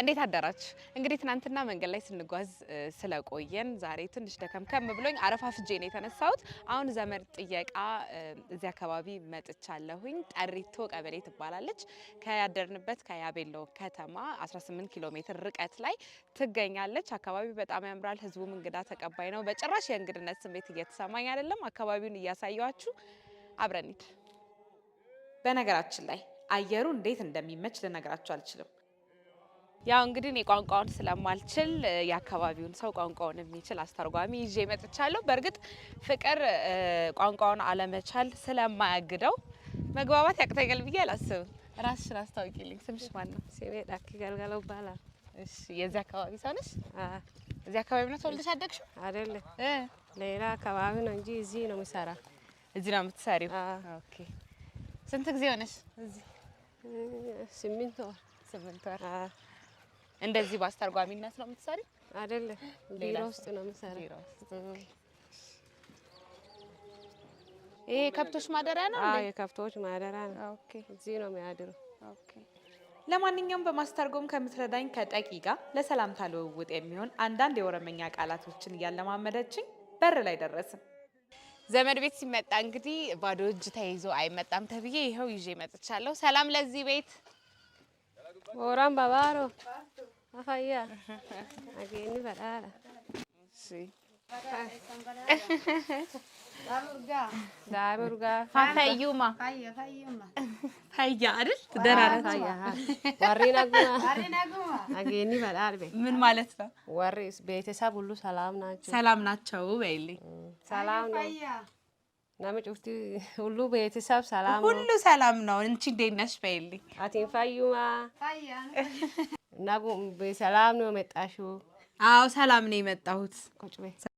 እንዴት አደራች? እንግዲህ ትናንትና መንገድ ላይ ስንጓዝ ስለቆየን ዛሬ ትንሽ ደከምከም ብሎኝ አረፋ ፍጄ ነው የተነሳሁት። አሁን ዘመድ ጥየቃ እዚህ አካባቢ መጥቻለሁኝ። ጠሪቶ ቀበሌ ትባላለች። ከያደርንበት ከያቤሎ ከተማ 18 ኪሎ ሜትር ርቀት ላይ ትገኛለች። አካባቢው በጣም ያምራል። ህዝቡም እንግዳ ተቀባይ ነው። በጭራሽ የእንግድነት ስሜት እየተሰማኝ አይደለም። አካባቢውን እያሳየኋችሁ አብረኒት በነገራችን ላይ አየሩ እንዴት እንደሚመች ልነግራችሁ አልችልም። ያው እንግዲህ እኔ ቋንቋውን ስለማልችል የአካባቢውን ሰው ቋንቋውን የሚችል አስተርጓሚ ይዤ መጥቻለሁ። በእርግጥ ፍቅር ቋንቋውን አለመቻል ስለማያግደው መግባባት ያቅተኛል ብዬ አላስብም። ራስሽን አስታውቂልኝ። ስምሽ ማን ነው? ሴቤ ዳኪ ገልገለው ይባላል። እሺ፣ የዚህ አካባቢ ሰው ነሽ? እዚህ አካባቢ ነው ተወልደሽ ያደግሽው? አደለ፣ ሌላ አካባቢ ነው እንጂ እዚህ ነው የምሰራ። እዚህ ነው የምትሰሪው? ኦኬ። ስንት ጊዜ ሆነሽ እዚህ? ስምንት ወር። ስምንት ወር እንደዚህ በአስተርጓሚነት ነው የምትሰሪ? አይደለም፣ ቢሮ ውስጥ ነው የምሰራው። ይሄ ከብቶች ማደሪያ ነው። አዎ፣ የከብቶች ማደሪያ ነው። ኦኬ፣ እዚህ ነው የሚያድሩ። ኦኬ። ለማንኛውም በማስተርጎም ከምትረዳኝ ከጠቂ ጋር ለሰላምታ ልውውጥ የሚሆን አንዳንድ የኦሮምኛ ቃላቶችን እያለማመደችኝ በር ላይ ደረስን። ዘመድ ቤት ሲመጣ እንግዲህ ባዶ እጅ ተይዞ አይመጣም ተብዬ ይኸው ይዤ መጥቻለሁ። ሰላም ለዚህ ቤት ወራም ባባሮ Afaya. Ageni badala. Si. Daarurga. Fayyuma. አይደል? ትደራራ ወሬ በላል በይ። ምን ማለት ነው? ወሬ ቤተሰብ ሁሉ ሰላም ናቸው። ሰላም ናቸው በይልኝ። ሰላም ነው። ናመጭ ውስቲ ሁሉ ቤተሰብ ሰላም ሁሉ ሰላም ነው። እንቺ እንዴት ነሽ በይልኝ። አቲን ፋዩማ እና በሰላም ነው የመጣሽው? አዎ ሰላም ነው የመጣሁት።